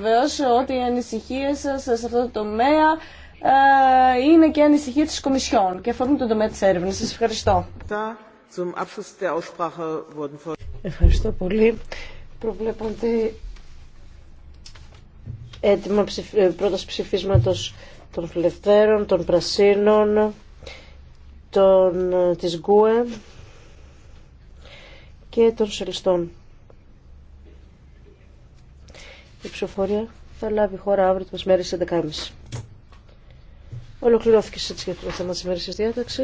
βεβαίω ότι οι ανησυχίε σα σε αυτό το τομέα ε, είναι και ανησυχία τη Κομισιόν και αφορούν τον τομέα τη έρευνα. Σα ευχαριστώ. Ευχαριστώ πολύ. Προβλέπονται έτοιμα ε, πρώτα ψηφίσματος των Φιλευθέρων, των Πρασίνων, των, ε, της Γκουε και των Σελιστών. Η ψηφοφορία θα λάβει χώρα αύριο το μεσημέρι στις 11.30. Ολοκληρώθηκε έτσι για το θέμα τη ημερήσια διάταξη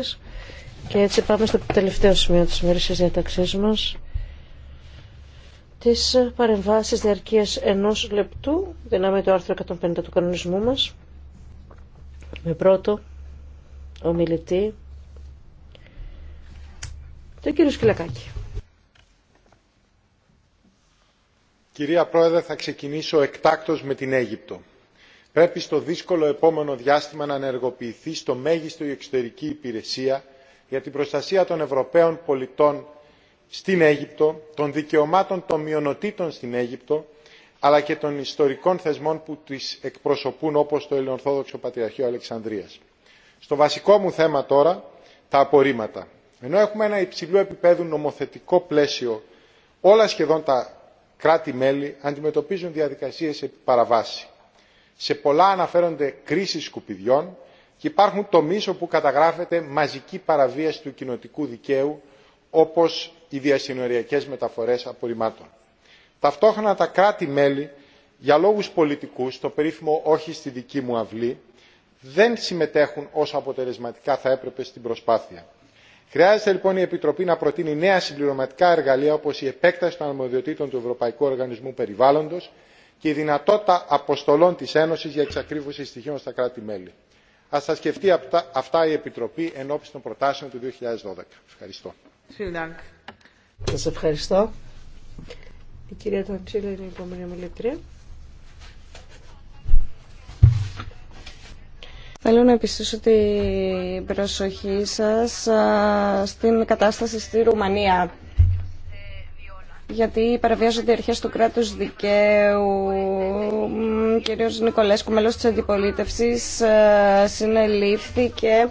και έτσι πάμε στο τελευταίο σημείο της ημερήσια διάταξή μα, τι παρεμβάσει διαρκείας ενός λεπτού δυνάμει το άρθρο 150 του κανονισμού μας με πρώτο ομιλητή το κύριο Σκυλακάκη. Κυρία Πρόεδρε, θα ξεκινήσω εκτάκτως με την Αίγυπτο. Πρέπει στο δύσκολο επόμενο διάστημα να ενεργοποιηθεί στο μέγιστο η εξωτερική υπηρεσία για την προστασία των Ευρωπαίων πολιτών στην Αίγυπτο, των δικαιωμάτων των μειονοτήτων στην Αίγυπτο, αλλά και των ιστορικών θεσμών που τις εκπροσωπούν όπως το Ελληνορθόδοξο Πατριαρχείο Αλεξανδρίας. Στο βασικό μου θέμα τώρα, τα απορρίμματα. Ενώ έχουμε ένα υψηλού επίπεδου νομοθετικό πλαίσιο όλα σχεδόν τα κράτη μέλη αντιμετωπίζουν διαδικασίες επί παραβάση. σε πολλά αναφέρονται κρίσεις σκουπιδιών και υπάρχουν τομείς όπου καταγράφεται μαζική παραβίαση του κοινοτικού δικαίου όπως οι διασυνοριακές μεταφορές απορριμμάτων. ταυτόχρονα τα κράτη μέλη για λόγους πολιτικούς το περίφημο όχι στη δική μου αυλή δεν συμμετέχουν όσο αποτελεσματικά θα έπρεπε στην προσπάθεια χρειάζεται λοιπόν η επιτροπή να προτείνει νέα συμπληρωματικά εργαλεία όπως η επέκταση των αρμοδιοτήτων του ευρωπαϊκού οργανισμού περιβάλλοντος και η δυνατότητα αποστολών της ένωσης για εξακρίβωση στοιχείων στα κράτη μέλη. Ας τα σκεφτεί αυτά η Επιτροπή εν ώψη των προτάσεων του 2012. Ευχαριστώ. Θέλω να επιστήσω την προσοχή σας στην κατάσταση στη Ρουμανία γιατί παραβιάζονται οι αρχές του κράτους δικαίου. Κύριος Νικολέσκου, μέλος της αντιπολίτευσης, συνελήφθηκε.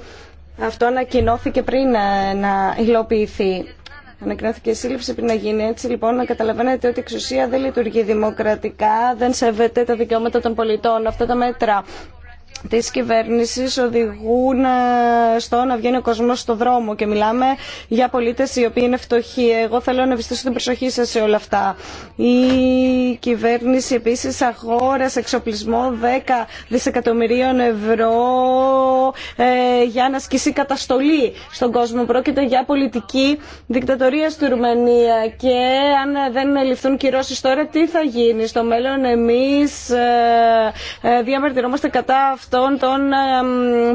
Αυτό ανακοινώθηκε πριν ε, να υλοποιηθεί. Ανακοινώθηκε η σύλληψη πριν να γίνει έτσι. Λοιπόν, να καταλαβαίνετε ότι η εξουσία δεν λειτουργεί δημοκρατικά, δεν σέβεται τα δικαιώματα των πολιτών. Αυτά τα μέτρα της κυβέρνησης οδηγούν ε, στο να βγαίνει ο κόσμος στο δρόμο και μιλάμε για πολίτε οι οποίοι είναι φτωχοί. Εγώ θέλω να ευστήσω την προσοχή σας σε όλα αυτά. Η κυβέρνηση επίσης αγόρασε εξοπλισμό 10 δισεκατομμυρίων ευρώ ε, για να σκίσει καταστολή στον κόσμο. Πρόκειται για πολιτική δικτατορία στη Ρουμανία και αν δεν ληφθούν κυρώσει τώρα τι θα γίνει. Στο μέλλον εμείς ε, διαμαρτυρόμαστε κατά αυτών των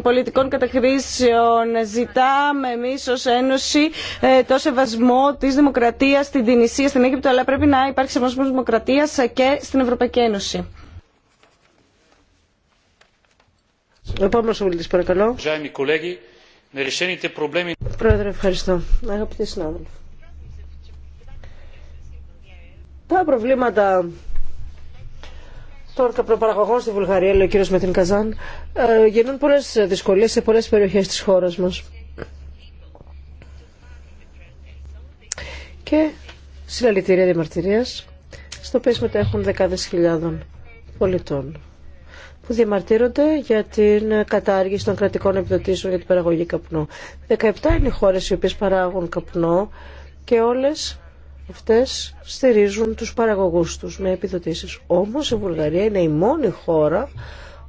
πολιτικών κατακρίσεων. Ζητάμε εμεί ω Ένωση ε, το σεβασμό τη δημοκρατία στην Τινησία, στην Αίγυπτο, αλλά πρέπει να υπάρχει σεβασμό δημοκρατία και στην Ευρωπαϊκή Ένωση. Πρόεδρε, ευχαριστώ. Αγαπητοί συνάδελφοι. Τα προβλήματα των καπνοπαραγωγών στη Βουλγαρία, λέει ο κύριο Μετίν Καζάν, ε, γεννούν πολλές δυσκολίες σε πολλές περιοχές της χώρας μας. Και συλλαλητήρια διαμαρτυρία, στο οποίο συμμετέχουν δεκάδε χιλιάδων πολιτών που διαμαρτύρονται για την κατάργηση των κρατικών επιδοτήσεων για την παραγωγή καπνού. 17 είναι οι χώρες οι οποίες παράγουν καπνό και όλες αυτές στηρίζουν τους παραγωγούς τους με επιδοτήσεις. Όμως η Βουλγαρία είναι η μόνη χώρα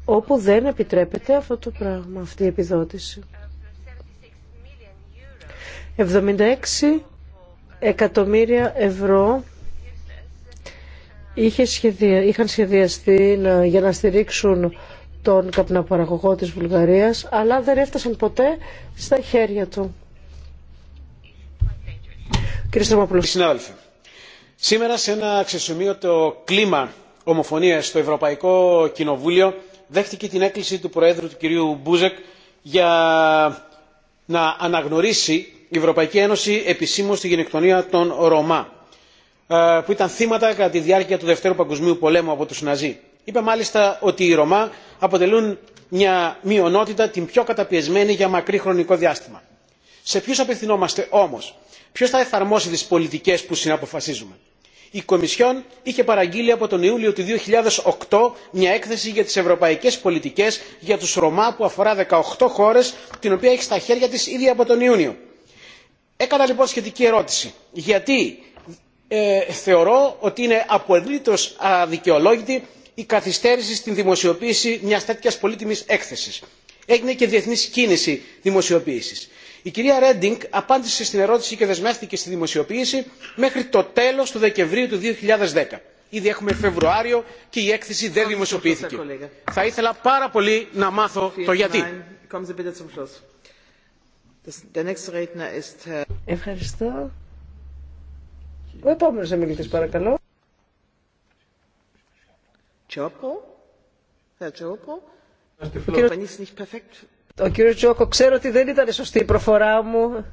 όπου δεν επιτρέπεται αυτό το πράγμα, αυτή η επιδότηση. 76 εκατομμύρια ευρώ είχε είχαν σχεδιαστεί για να στηρίξουν τον καπναπαραγωγό της Βουλγαρίας, αλλά δεν έφτασαν ποτέ στα χέρια του. Κύριε σήμερα σε ένα αξιοσημείωτο κλίμα ομοφωνίας στο Ευρωπαϊκό Κοινοβούλιο δέχτηκε την έκκληση του Προέδρου του κυρίου Μπούζεκ για να αναγνωρίσει η Ευρωπαϊκή Ένωση επισήμως τη γενοκτονία των Ρωμά ε, που ήταν θύματα κατά τη διάρκεια του Δευτέρου Παγκοσμίου Πολέμου από τους Ναζί. Είπε μάλιστα ότι οι Ρωμά αποτελούν μια μειονότητα την πιο καταπιεσμένη για μακρύ χρονικό διάστημα. Σε ποιους απευθυνόμαστε όμως, ποιο θα εφαρμόσει τι πολιτικέ που συναποφασίζουμε. η κομισιόν είχε παραγγείλει από τον ιούλιο του 2008 μια έκθεση για τι ευρωπαϊκέ πολιτικέ για του ρωμά που αφορά 18 χώρε την οποία έχει στα χέρια τη ήδη από τον ιούνιο. έκανα λοιπόν σχετική ερώτηση γιατί ε, θεωρώ ότι είναι απολύτω αδικαιολόγητη η καθυστέρηση στην δημοσιοποίηση μια τέτοια πολύτιμη έκθεση. έγινε και διεθνή κίνηση δημοσιοποίηση η κυρία ρέντινγκ απάντησε στην ερώτηση και δεσμεύτηκε στη δημοσιοποίηση μέχρι το τέλος του δεκεμβρίου του. 2010. ήδη έχουμε φεβρουάριο και η έκθεση δεν δημοσιοποιήθηκε. θα ήθελα πάρα πολύ να μάθω το γιατί. Ο κύριο Τζόκο, ξέρω ότι δεν ήταν σωστή η προφορά μου.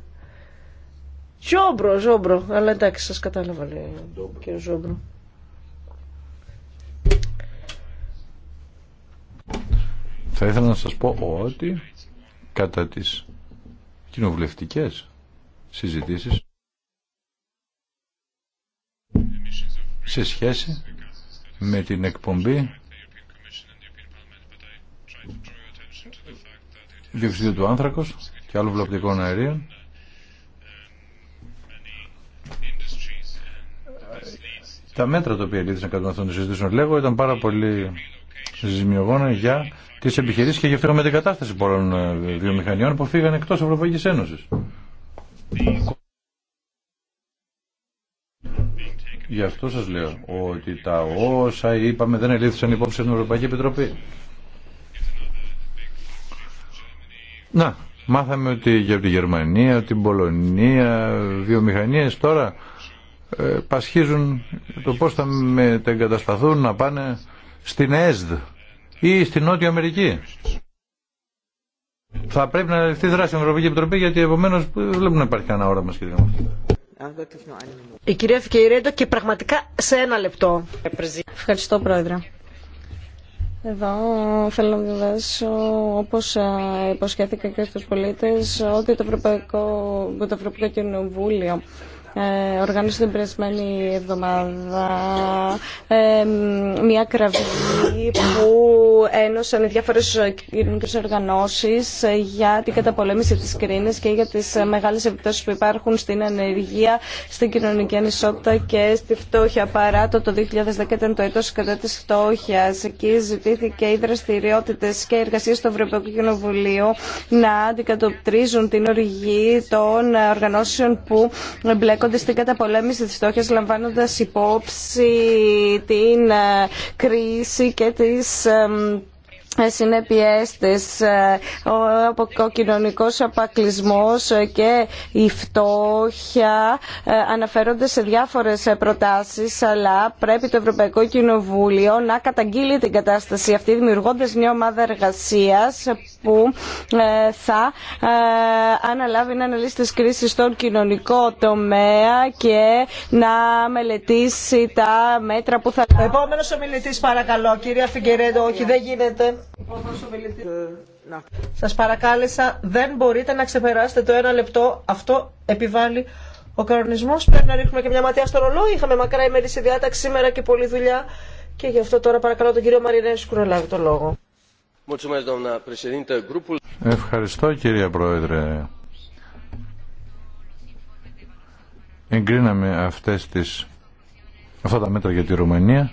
Ζόμπρο, ζόμπρο. Αλλά εντάξει, σας κατάλαβα, λέει ο κύριο Ζόμπρο. Θα ήθελα να σας πω ότι κατά τις κοινοβουλευτικές συζητήσεις σε σχέση με την εκπομπή διοξιδίου του άνθρακος και άλλων βλαπτικών αερίων. Τα μέτρα τα οποία λύθησαν κατά αυτών των συζητήσεων, λέγω, ήταν πάρα πολύ ζημιογόνα για τις επιχειρήσεις και για με την κατάσταση πολλών ε, βιομηχανιών που φύγανε εκτός Ευρωπαϊκής Ένωσης. Γι' αυτό σας λέω ότι τα όσα είπαμε δεν ελήφθησαν υπόψη στην Ευρωπαϊκή Επιτροπή. Να, μάθαμε ότι για από τη Γερμανία, την Πολωνία, βιομηχανίες τώρα ε, πασχίζουν το πώς θα μετεγκατασταθούν να πάνε στην ΕΣΔ ή στην Νότια Αμερική. Θα πρέπει να ληφθεί δράση η Ευρωπαϊκή Επιτροπή γιατί επομένω ε, βλέπουμε να υπάρχει κανένα όραμα σχετικά με αυτό. Η κυρία οραμα σχεδον η κυρια φικερεντο και πραγματικά σε ένα λεπτό. Ευχαριστώ πρόεδρε. Εδώ θέλω να διαβάσω, όπως ε, υποσχέθηκα και στους πολίτες, ότι το Ευρωπαϊκό, το Ευρωπαϊκό Κοινοβούλιο ε, οργάνωσε την περασμένη εβδομάδα ε, μια κραυγή που ένωσαν διάφορες κοινωνικές οργανώσεις για την καταπολέμηση της κρίνης και για τις μεγάλες επιπτώσεις που υπάρχουν στην ανεργία, στην κοινωνική ανισότητα και στη φτώχεια. Παρά το 2010 ήταν το έτος κατά της φτώχειας. Εκεί ζητήθηκε οι δραστηριότητε και οι εργασίε του Ευρωπαϊκού Κοινοβουλίου να αντικατοπτρίζουν την οργή των οργανώσεων που εμπλέκονται στην καταπολέμηση της στόχης λαμβάνοντας υπόψη την ε, κρίση και τις συνέπειές της, ε, ο κοινωνικός απακλισμός και η φτώχεια ε, αναφέρονται σε διάφορες προτάσεις αλλά πρέπει το Ευρωπαϊκό Κοινοβούλιο να καταγγείλει την κατάσταση αυτή δημιουργώντας μια ομάδα εργασίας που ε, θα αναλάβει να αναλύσει τις κρίσεις στον κοινωνικό τομέα και να μελετήσει τα μέτρα που θα... Επόμενος ομιλητής παρακαλώ, κυρία Φιγκερέντο, όχι δεν γίνεται. Σας παρακάλεσα, δεν μπορείτε να ξεπεράσετε το ένα λεπτό. Αυτό επιβάλλει ο κανονισμός. Πρέπει να ρίχνουμε και μια ματιά στο ρολό Είχαμε μακρά ημερήσια διάταξη σήμερα και πολλή δουλειά. Και γι' αυτό τώρα παρακαλώ τον κύριο Μαρινέσκου να λάβει το λόγο. Ευχαριστώ κύριε Πρόεδρε. Εγκρίναμε αυτές τις, αυτά τα μέτρα για τη Ρουμανία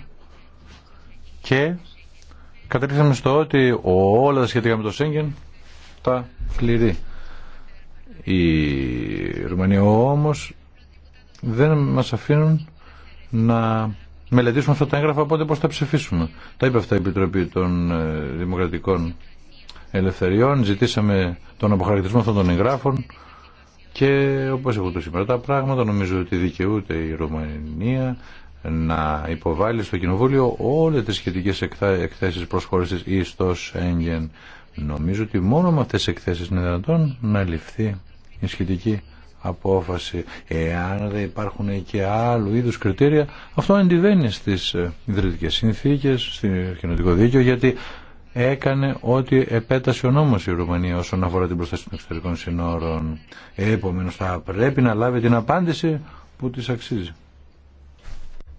και Καταλήξαμε στο ότι όλα τα σχετικά με το Σέγγεν τα πληρεί. Η Ρουμανία όμως δεν μας αφήνουν να μελετήσουμε αυτά τα έγγραφα οπότε πώς τα ψηφίσουμε. Τα είπε αυτά η Επιτροπή των ε, Δημοκρατικών Ελευθεριών. Ζητήσαμε τον αποχαρακτηρισμό αυτών των εγγράφων και όπως έχω το σήμερα τα πράγματα νομίζω ότι δικαιούται η Ρουμανία να υποβάλει στο Κοινοβούλιο όλες τις σχετικές εκθέσεις προσχώρησης ή στο Σέγγεν. Νομίζω ότι μόνο με αυτές τις εκθέσεις είναι δυνατόν να ληφθεί η σχετική απόφαση. Εάν δεν υπάρχουν και άλλου είδους κριτήρια, αυτό αντιβαίνει στις ε, ιδρυτικές συνθήκες, στο κοινωτικό δίκαιο, γιατί έκανε ό,τι επέτασε ο νόμος η Ρουμανία όσον αφορά την προστασία των εξωτερικών συνόρων. Επομένως θα πρέπει να λάβει την απάντηση που της αξίζει.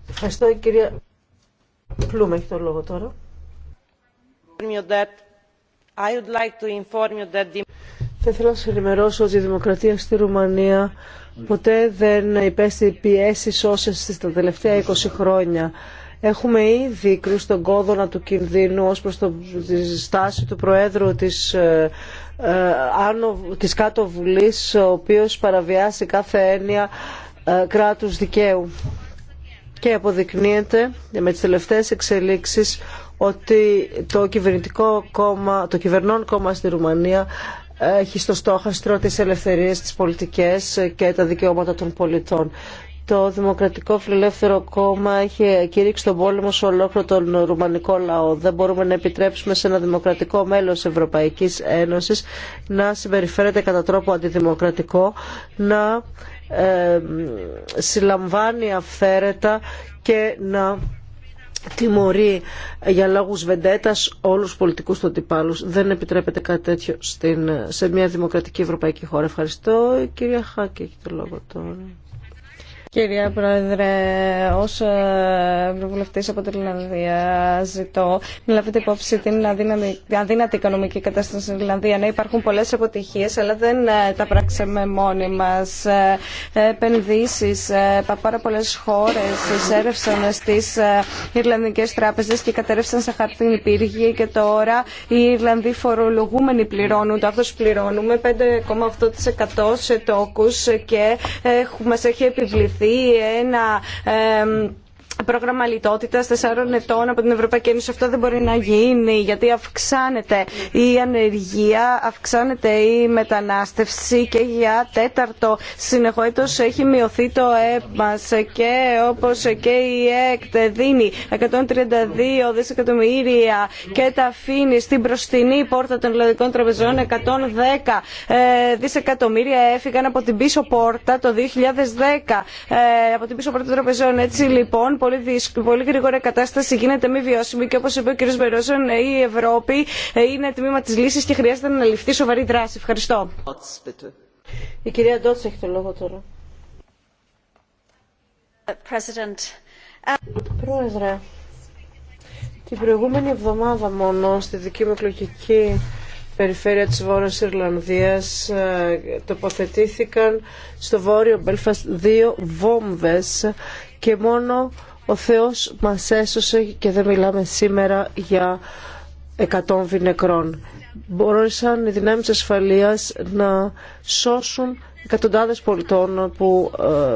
Ευχαριστώ κυρία έχει το λόγο τώρα. Θα ήθελα να σα ενημερώσω ότι η δημοκρατία στη Ρουμανία ποτέ δεν υπέστη πιέσει όσε τα τελευταία 20 χρόνια. Έχουμε ήδη κρούσει τον κόδωνα του κινδύνου ως προς τη στάση του Προέδρου της, ε, ε της Κάτω Βουλής, ο οποίος παραβιάσει κάθε έννοια ε, κράτους δικαίου και αποδεικνύεται με τις τελευταίες εξελίξεις ότι το κυβερνητικό κόμμα, το κυβερνών κόμμα στη Ρουμανία έχει στο στόχαστρο τις ελευθερίες, τις πολιτικές και τα δικαιώματα των πολιτών. Το Δημοκρατικό Φιλελεύθερο Κόμμα έχει κηρύξει τον πόλεμο σε ολόκληρο τον ρουμανικό λαό. Δεν μπορούμε να επιτρέψουμε σε ένα δημοκρατικό μέλος Ευρωπαϊκής Ένωσης να συμπεριφέρεται κατά τρόπο αντιδημοκρατικό, να ε, συλλαμβάνει αυθαίρετα και να τιμωρεί για λόγους βεντέτας όλους τους πολιτικούς του αντιπάλους. Δεν επιτρέπεται κάτι τέτοιο στην, σε μια δημοκρατική ευρωπαϊκή χώρα. Ευχαριστώ. Κυρία Χάκη, έχει το λόγο τώρα. Κυρία Πρόεδρε, ω ε, ευρωβουλευτή από την Ιρλανδία, ζητώ να λάβετε υπόψη την αδύνατη οικονομική κατάσταση στην Ιρλανδία. Ναι, υπάρχουν πολλέ αποτυχίε, αλλά δεν ε, τα πράξαμε μόνοι μα. Ε, Επενδύσει πάρα πολλέ χώρε εισέρευσαν στι Ιρλανδικέ τράπεζε και κατέρευσαν σε χαρτίν πύργη και τώρα οι Ιρλανδοί φορολογούμενοι πληρώνουν, το άθο πληρώνουμε 5,8% σε τόκους και μα έχει επιβληθεί δημιουργηθεί ένα πρόγραμμα λιτότητα 4 ετών από την Ευρωπαϊκή Ένωση. Αυτό δεν μπορεί να γίνει γιατί αυξάνεται η ανεργία, αυξάνεται η μετανάστευση και για τέταρτο έτος έχει μειωθεί το ΕΠ και όπω και η ΕΚΤ δίνει 132 δισεκατομμύρια και τα αφήνει στην προστινή πόρτα των ελληνικών τραπεζών 110 ε, δισεκατομμύρια έφυγαν από την πίσω πόρτα το 2010 ε, από την πίσω πόρτα των τραπεζών. Έτσι λοιπόν πολύ, γρήγορα η κατάσταση γίνεται μη βιώσιμη και όπως είπε ο κ. Ε, η Ευρώπη ε, είναι τμήμα της λύσης και χρειάζεται να ληφθεί σοβαρή δράση. Ευχαριστώ. Η κυρία Ντότ έχει το λόγο τώρα. Ε, Πρόεδρε, την προηγούμενη εβδομάδα μόνο στη δική μου εκλογική περιφέρεια της Βόρειας Ιρλανδίας τοποθετήθηκαν στο βόρειο Μπέλφαστ δύο βόμβες και μόνο ο Θεός μας έσωσε και δεν μιλάμε σήμερα για εκατόμβι νεκρών. Μπορούσαν οι δυνάμεις ασφαλείας να σώσουν εκατοντάδες πολιτών που ε,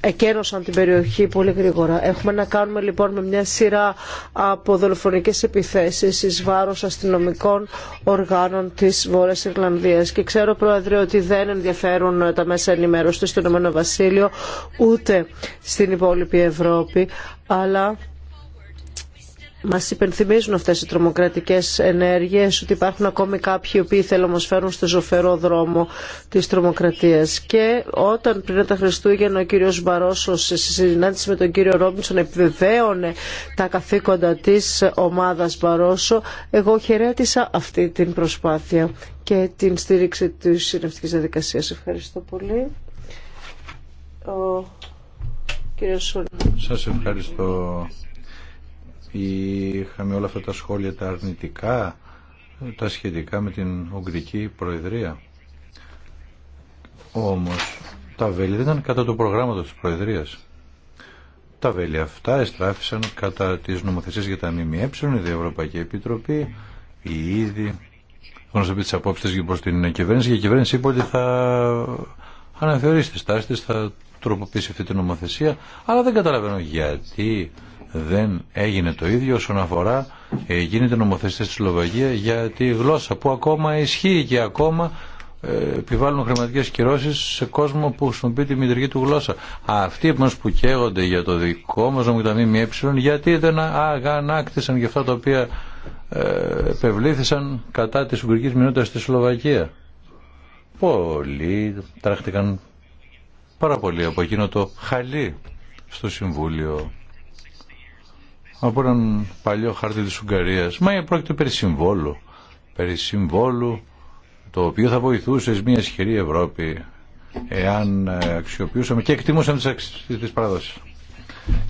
εκένωσαν την περιοχή πολύ γρήγορα. Έχουμε να κάνουμε λοιπόν με μια σειρά από δολοφονικές επιθέσεις εις βάρος αστυνομικών οργάνων της Βόρειας Ιρλανδίας. Και ξέρω Πρόεδρε ότι δεν ενδιαφέρουν τα μέσα ενημέρωση στο Ηνωμένο Βασίλειο ούτε στην υπόλοιπη Ευρώπη, αλλά Μα υπενθυμίζουν αυτές οι τρομοκρατικέ ενέργειες ότι υπάρχουν ακόμη κάποιοι οι οποίοι θέλουν να μα φέρουν στο ζωφερό δρόμο της τρομοκρατίας. Και όταν πριν τα Χριστούγεννα ο κύριο Μπαρόσο σε συνάντηση με τον κύριο Ρόμπινσον επιβεβαίωνε τα καθήκοντα της ομάδας Μπαρόσο, εγώ χαιρέτησα αυτή την προσπάθεια και την στήριξη τη συνευτικής διαδικασία. Ευχαριστώ πολύ. ευχαριστώ είχαμε όλα αυτά τα σχόλια τα αρνητικά τα σχετικά με την Ουγγρική Προεδρία όμως τα βέλη δεν ήταν κατά το προγράμματος της Προεδρίας τα βέλη αυτά εστράφησαν κατά τις νομοθεσίες για τα ΜΜΕ η Ευρωπαϊκή Επιτροπή η ήδη πει τις απόψεις της προς την κυβέρνηση και η κυβέρνηση είπε ότι θα αναθεωρήσει τη τάσεις της, θα τροποποιήσει αυτή την νομοθεσία αλλά δεν καταλαβαίνω γιατί δεν έγινε το ίδιο όσον αφορά ε, γίνεται νομοθεσία στη Σλοβακία για τη γλώσσα που ακόμα ισχύει και ακόμα ε, επιβάλλουν χρηματικές κυρώσεις σε κόσμο που χρησιμοποιεί τη μητρική του γλώσσα. Αυτοί μας που καίγονται για το δικό μας νομικό τα γιατί δεν αγανάκτησαν και αυτά τα οποία ε, επευλήθησαν κατά της ουγγρικής μηνότητας στη Σλοβακία. Πολλοί τράχτηκαν πάρα πολύ από εκείνο το χαλί στο Συμβούλιο από έναν παλιό χάρτη της Ουγγαρίας. Μα πρόκειται περί συμβόλου. Περί συμβόλου το οποίο θα βοηθούσε μια ισχυρή Ευρώπη εάν ε, αξιοποιούσαμε και εκτιμούσαμε τις αξίες της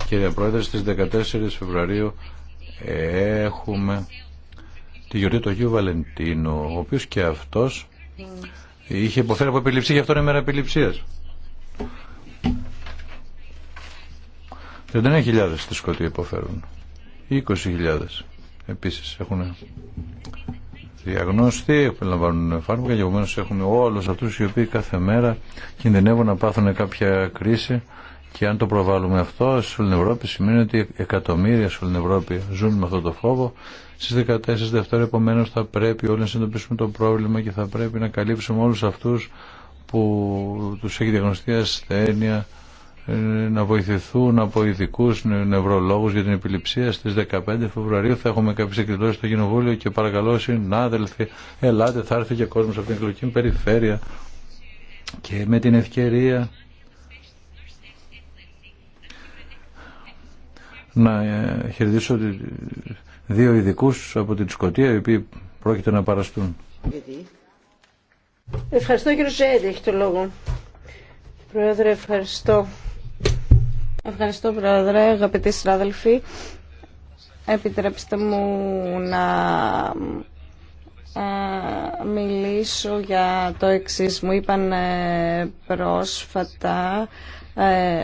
Κύριε Πρόεδρε, στις 14 Φεβρουαρίου έχουμε τη γιορτή του Αγίου Βαλεντίνου, ο οποίος και αυτός είχε υποφέρει από επιληψία, γι' αυτό είναι η μέρα επιληψίας. 39.000 στη Σκωτία υποφέρουν. 20.000 επίση έχουν διαγνωστεί, λαμβάνουν φάρμακα και επομένω έχουμε όλου αυτού οι οποίοι κάθε μέρα κινδυνεύουν να πάθουν κάποια κρίση και αν το προβάλλουμε αυτό σε όλη την Ευρώπη σημαίνει ότι εκατομμύρια σε όλη την Ευρώπη ζουν με αυτό το φόβο. Στι 14 Δευτέρα επομένω θα πρέπει όλοι να συνειδητοποιήσουμε το πρόβλημα και θα πρέπει να καλύψουμε όλου αυτού που του έχει διαγνωστεί ασθένεια, ε, να βοηθηθούν από ειδικού νευρολόγους για την επιληψία στις 15 Φεβρουαρίου θα έχουμε κάποιες εκδηλώσεις στο Κοινοβούλιο και παρακαλώ συνάδελφοι ελάτε θα έρθει και κόσμος από την εκλογική περιφέρεια και με την ευκαιρία να ε, χαιρετήσω δύο ειδικού από την Σκωτία οι οποίοι πρόκειται να παραστούν. Ευχαριστώ κύριο Ζέδη, έχει το λόγο. Πρόεδρε, ευχαριστώ. Ευχαριστώ, Πρόεδρε, αγαπητοί συνάδελφοι. Επιτρέψτε μου να ε, μιλήσω για το εξής. Μου είπαν ε, πρόσφατα ε,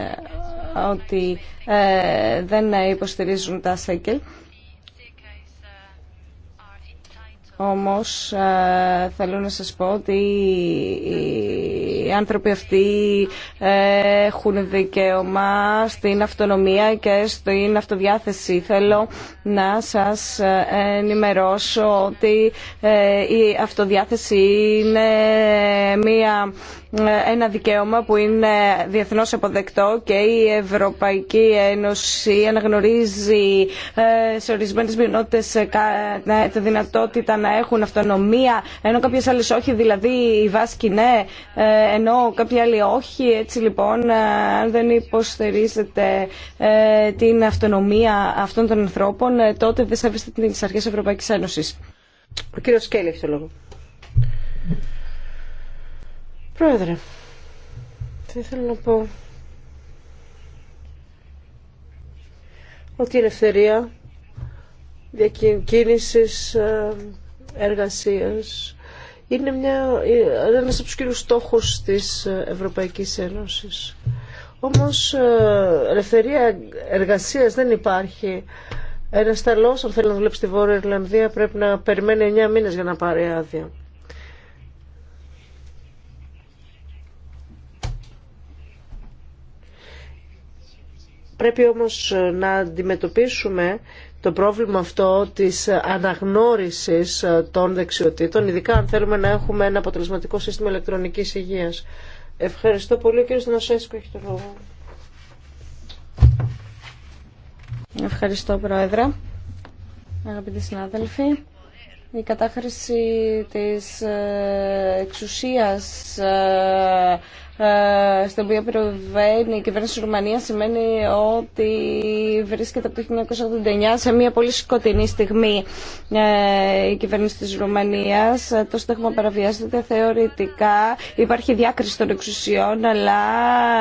ότι δεν υποστηρίζουν τα ΣΕΚΕΛ. Όμως ε, θέλω να σας πω ότι οι άνθρωποι αυτοί ε, έχουν δικαίωμα στην αυτονομία και στην αυτοδιάθεση. Θέλω να σας ε, ενημερώσω ότι η αυτοδιάθεση είναι μια, ένα δικαίωμα που είναι διεθνώς αποδεκτό και η Ευρωπαϊκή Ένωση αναγνωρίζει σε ορισμένες μειονότητες τη δυνατότητα να έχουν αυτονομία, ενώ κάποιε άλλε όχι, δηλαδή οι Βάσκοι ναι, ε, ενώ κάποιοι άλλοι όχι. Έτσι λοιπόν, ε, αν δεν υποστηρίζετε ε, την αυτονομία αυτών των ανθρώπων, τότε δεν σέβεστε τι αρχέ Ευρωπαϊκή Ένωση. Ο κύριο Σκέλη έχει το λόγο. Πρόεδρε, τι θέλω να πω ότι η ελευθερία διακίνησης εργασίας είναι, μια, ε, ένας από τους κύριους στόχους της ε, Ευρωπαϊκής Ένωσης. Όμως ε, ελευθερία εργασίας δεν υπάρχει. Ένα ταλός, αν θέλει να δουλέψει στη Βόρεια Ιρλανδία, πρέπει να περιμένει 9 μήνες για να πάρει άδεια. Πρέπει όμως να αντιμετωπίσουμε το πρόβλημα αυτό της αναγνώρισης ε, των δεξιοτήτων, ειδικά αν θέλουμε να έχουμε ένα αποτελεσματικό σύστημα ηλεκτρονικής υγείας. Ευχαριστώ πολύ. Ο κύριος Νοσέσκο έχει το λόγο. Ευχαριστώ, Πρόεδρε. Αγαπητοί συνάδελφοι, η κατάχρηση της ε, εξουσίας ε, ε, στο οποίο προβαίνει η κυβέρνηση της Ρουμανίας σημαίνει ότι βρίσκεται από το 1989 σε μια πολύ σκοτεινή στιγμή ε, η κυβέρνηση της Ρουμανίας ε, το στέχμα παραβιάζεται θεωρητικά υπάρχει διάκριση των εξουσιών αλλά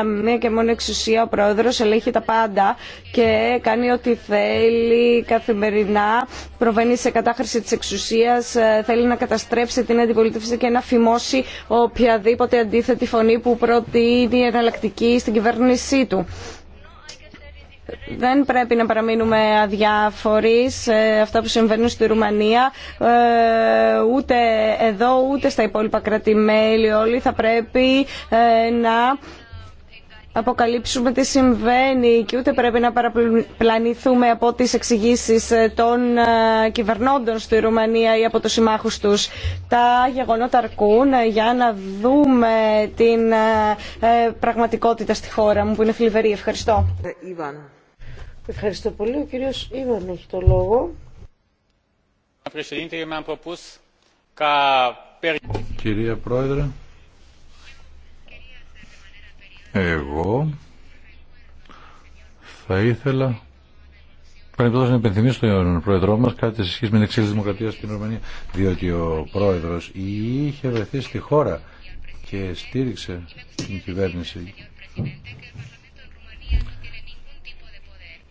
μια και μόνο εξουσία ο πρόεδρος ελέγχει τα πάντα και κάνει ό,τι θέλει καθημερινά προβαίνει σε κατάχρηση της εξουσίας θέλει να καταστρέψει την αντιπολίτευση και να φημώσει οποιαδήποτε αντίθετη φωνή που προτείνει εναλλακτική στην κυβέρνησή του. Δεν πρέπει να παραμείνουμε αδιάφοροι σε αυτά που συμβαίνουν στη Ρουμανία, ε, ούτε εδώ ούτε στα υπόλοιπα κρατημέλη. Όλοι θα πρέπει ε, να αποκαλύψουμε τι συμβαίνει και ούτε πρέπει να παραπλανηθούμε από τις εξηγήσει ε, των ε, κυβερνώντων στη Ρουμανία ή από τους συμμάχους τους. Τα γεγονότα αρκούν ε, για να δούμε την πραγματικότητα στη χώρα μου που είναι θλιβερή. Ευχαριστώ. Ευχαριστώ πολύ. Ο κύριος Ιβαν έχει το λόγο. Κυρία Πρόεδρε, εγώ θα ήθελα Παρεμπιπτόντω να υπενθυμίσω τον πρόεδρό μα κάτι σε σχέση με την εξέλιξη δημοκρατία στην Ρουμανία. Διότι ο πρόεδρο είχε βρεθεί στη χώρα και στήριξε την κυβέρνηση.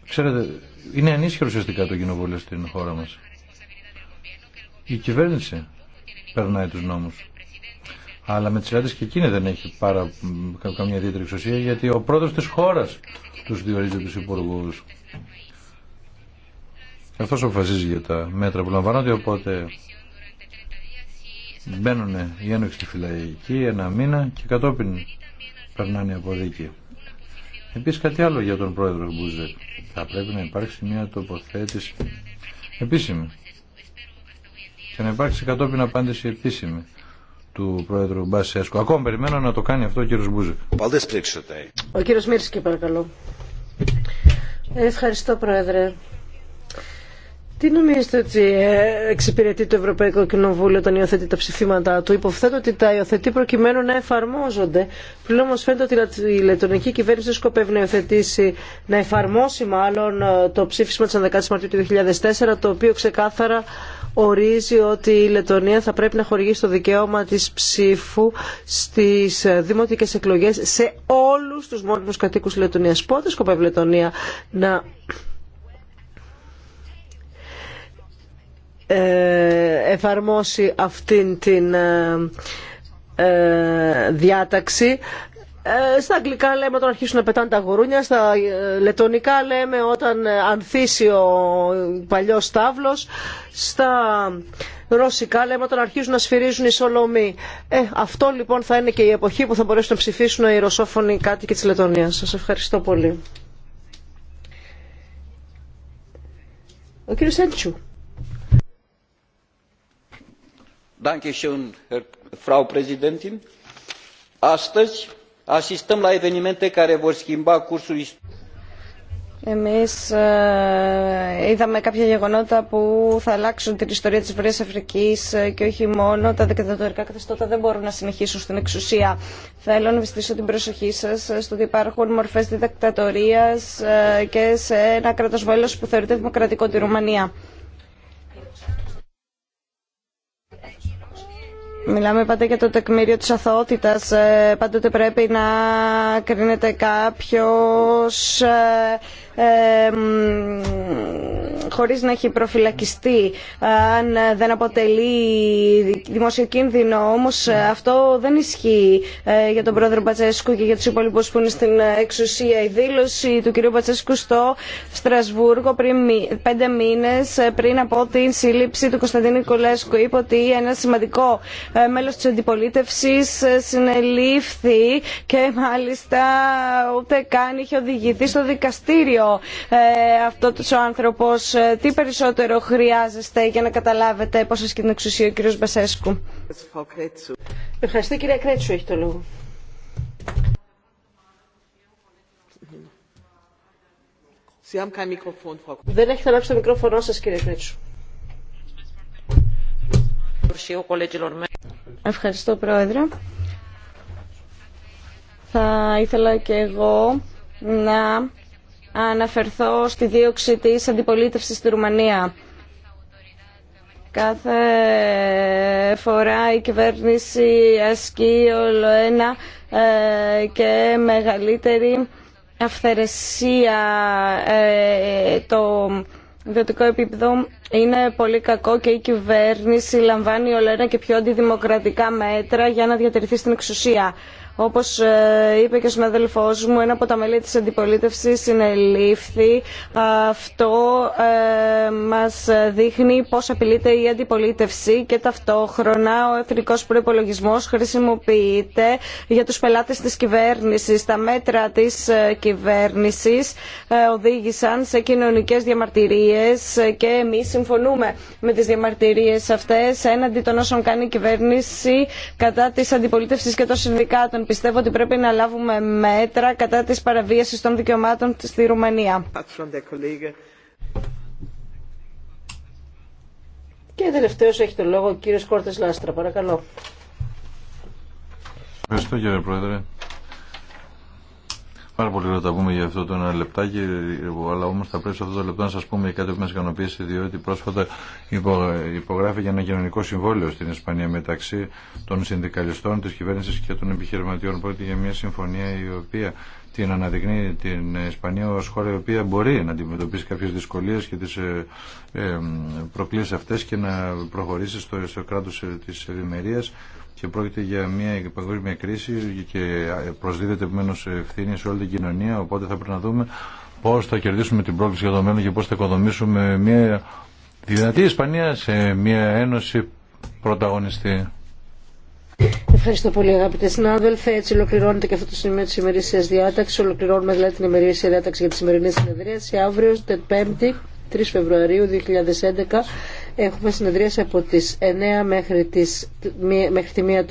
Ξέρετε, είναι ανίσχυρο ουσιαστικά το κοινοβούλιο στην χώρα μα. Η κυβέρνηση περνάει του νόμου. Αλλά με τις Ελλάδες και εκείνη δεν έχει πάρα καμία ιδιαίτερη εξουσία γιατί ο πρόεδρος της χώρας τους διορίζει τους υπουργούς. Αυτός αποφασίζει για τα μέτρα που λαμβάνονται οπότε μπαίνουν οι ένοχοι στη φυλαϊκή ένα μήνα και κατόπιν περνάνε από δίκη. Επίσης κάτι άλλο για τον πρόεδρο Μπουζέ Θα πρέπει να υπάρξει μια τοποθέτηση επίσημη και να υπάρξει κατόπιν απάντηση επίσημη του πρόεδρου Μπασέσκου. Ακόμα περιμένω να το κάνει αυτό ο κύριος Μπούζεκ. Ο κύριος Μίρσκι, παρακαλώ. Ευχαριστώ πρόεδρε. Τι νομίζετε ότι ε, εξυπηρετεί το Ευρωπαϊκό Κοινοβούλιο όταν υιοθετεί τα ψηφίματά του. Υποθέτω ότι τα υιοθετεί προκειμένου να εφαρμόζονται. Πλην όμω φαίνεται ότι η λετωνική κυβέρνηση σκοπεύει να υιοθετήσει, να εφαρμόσει μάλλον ε, το ψήφισμα τη 11η Μαρτίου του 2004, το οποίο ξεκάθαρα ορίζει ότι η Λετωνία θα πρέπει να χορηγήσει το δικαίωμα της ψήφου στις ε, δημοτικές εκλογές σε όλους τους μόνιμους κατοίκους της Λετωνίας. Πότε σκοπεύει η Λετωνία να ε, εφαρμόσει αυτήν την ε, διάταξη ε, στα αγγλικά λέμε όταν αρχίσουν να πετάνε τα γουρούνια, στα ε, λετωνικά λέμε όταν ε, ανθίσει ο παλιός τάβλος, στα ρωσικά λέμε όταν αρχίζουν να σφυρίζουν οι σολομοί. Ε, αυτό λοιπόν θα είναι και η εποχή που θα μπορέσουν να ψηφίσουν οι ρωσόφωνοι κάτοικοι της Λετωνίας. Σας ευχαριστώ πολύ. Ο κύριος Έντσου. Danke schön, asistăm Εμείς ε, είδαμε κάποια γεγονότα που θα αλλάξουν την ιστορία της Βορειάς Αφρικής ε, και όχι μόνο τα δικτατορικά καθεστώτα δεν μπορούν να συνεχίσουν στην εξουσία. Θέλω να βυστήσω την προσοχή σας ε, στο ότι υπάρχουν μορφές διδακτατορίας και σε ένα κράτος βόλος που θεωρείται δημοκρατικό τη Ρουμανία. Μιλάμε πάντα για το τεκμήριο της αθωότητας. Ε, πάντοτε πρέπει να κρίνεται κάποιος ε, χωρίς να έχει προφυλακιστεί αν δεν αποτελεί δημόσιο κίνδυνο όμως ε, αυτό δεν ισχύει ε, για τον πρόεδρο Μπατσέσκου και για τους υπόλοιπους που είναι στην εξουσία η δήλωση του κυρίου Μπατσέσκου στο Στρασβούργο πριν πέντε μήνες ε, πριν από την σύλληψη του Κωνσταντίνου Κολέσκου είπε ότι ένα σημαντικό μέλος της αντιπολίτευσης συνελήφθη και μάλιστα ούτε καν είχε οδηγηθεί στο δικαστήριο ε, αυτό ο άνθρωπος ε, τι περισσότερο χρειάζεστε για να καταλάβετε πώς ασκεί την εξουσία ο κύριος Μπασέσκου. Ευχαριστώ κυρία Κρέτσου, έχει το λόγο. Δεν έχετε ανάψει το μικρόφωνο σας κύριε Κρέτσου. Ευχαριστώ πρόεδρε. Θα ήθελα και εγώ να αναφερθώ στη δίωξη της αντιπολίτευσης στη Ρουμανία. Κάθε φορά η κυβέρνηση ασκεί όλο ένα ε, και μεγαλύτερη αυθαιρεσία ε, το ιδιωτικό επίπεδο είναι πολύ κακό και η κυβέρνηση λαμβάνει όλο ένα και πιο αντιδημοκρατικά μέτρα για να διατηρηθεί στην εξουσία. Όπως ε, είπε και ο συναδελφό μου, ένα από τα μέλη τη αντιπολίτευση συνελήφθη. Αυτό ε, μα δείχνει πώς απειλείται η αντιπολίτευση και ταυτόχρονα ο εθνικό προπολογισμό χρησιμοποιείται για του πελάτε τη κυβέρνηση, Τα μέτρα της ε, κυβέρνησης οδήγησαν σε κοινωνικέ διαμαρτυρίε και εμεί συμφωνούμε με τι διαμαρτυρίε αυτέ, έναντι των όσων κάνει η κυβέρνηση κατά τη αντιπολίτευση και των συνδικάτων πιστεύω ότι πρέπει να λάβουμε μέτρα κατά της παραβίασης των δικαιωμάτων στη Ρουμανία. Και τελευταίο έχει το λόγο ο κύριος Κόρτες Λάστρα. Παρακαλώ. Ευχαριστώ κύριε Πρόεδρε. Πάρα πολύ ωραία τα πούμε για αυτό το ένα λεπτάκι, αλλά όμω θα πρέπει σε αυτό το λεπτό να σα πούμε κάτι που μα ικανοποίησε, διότι πρόσφατα υπογράφηκε ένα κοινωνικό συμβόλαιο στην Ισπανία μεταξύ των συνδικαλιστών, τη κυβέρνηση και των επιχειρηματιών. Πρόκειται για μια συμφωνία η οποία την αναδεικνύει την Ισπανία ω χώρα η οποία μπορεί να αντιμετωπίσει κάποιε δυσκολίε και τι ε, ε, προκλήσει αυτέ και να προχωρήσει στο κράτο ε, τη ευημερία και πρόκειται για μια παγκόσμια κρίση και προσδίδεται επομένω ευθύνη σε όλη την κοινωνία. Οπότε θα πρέπει να δούμε πώ θα κερδίσουμε την πρόκληση για το μέλλον και πώ θα οικοδομήσουμε μια δυνατή Ισπανία σε μια ένωση πρωταγωνιστή. Ευχαριστώ πολύ αγαπητέ συνάδελφοι. Έτσι ολοκληρώνεται και αυτό το σημείο τη ημερήσια διάταξη. Ολοκληρώνουμε δηλαδή την ημερήσια διάταξη για τη σημερινή συνεδρίαση αύριο, 5η, 3 Φεβρουαρίου 2011. Έχουμε συνεδρίαση από τις 9 μέχρι, τις, μέχρι τη 1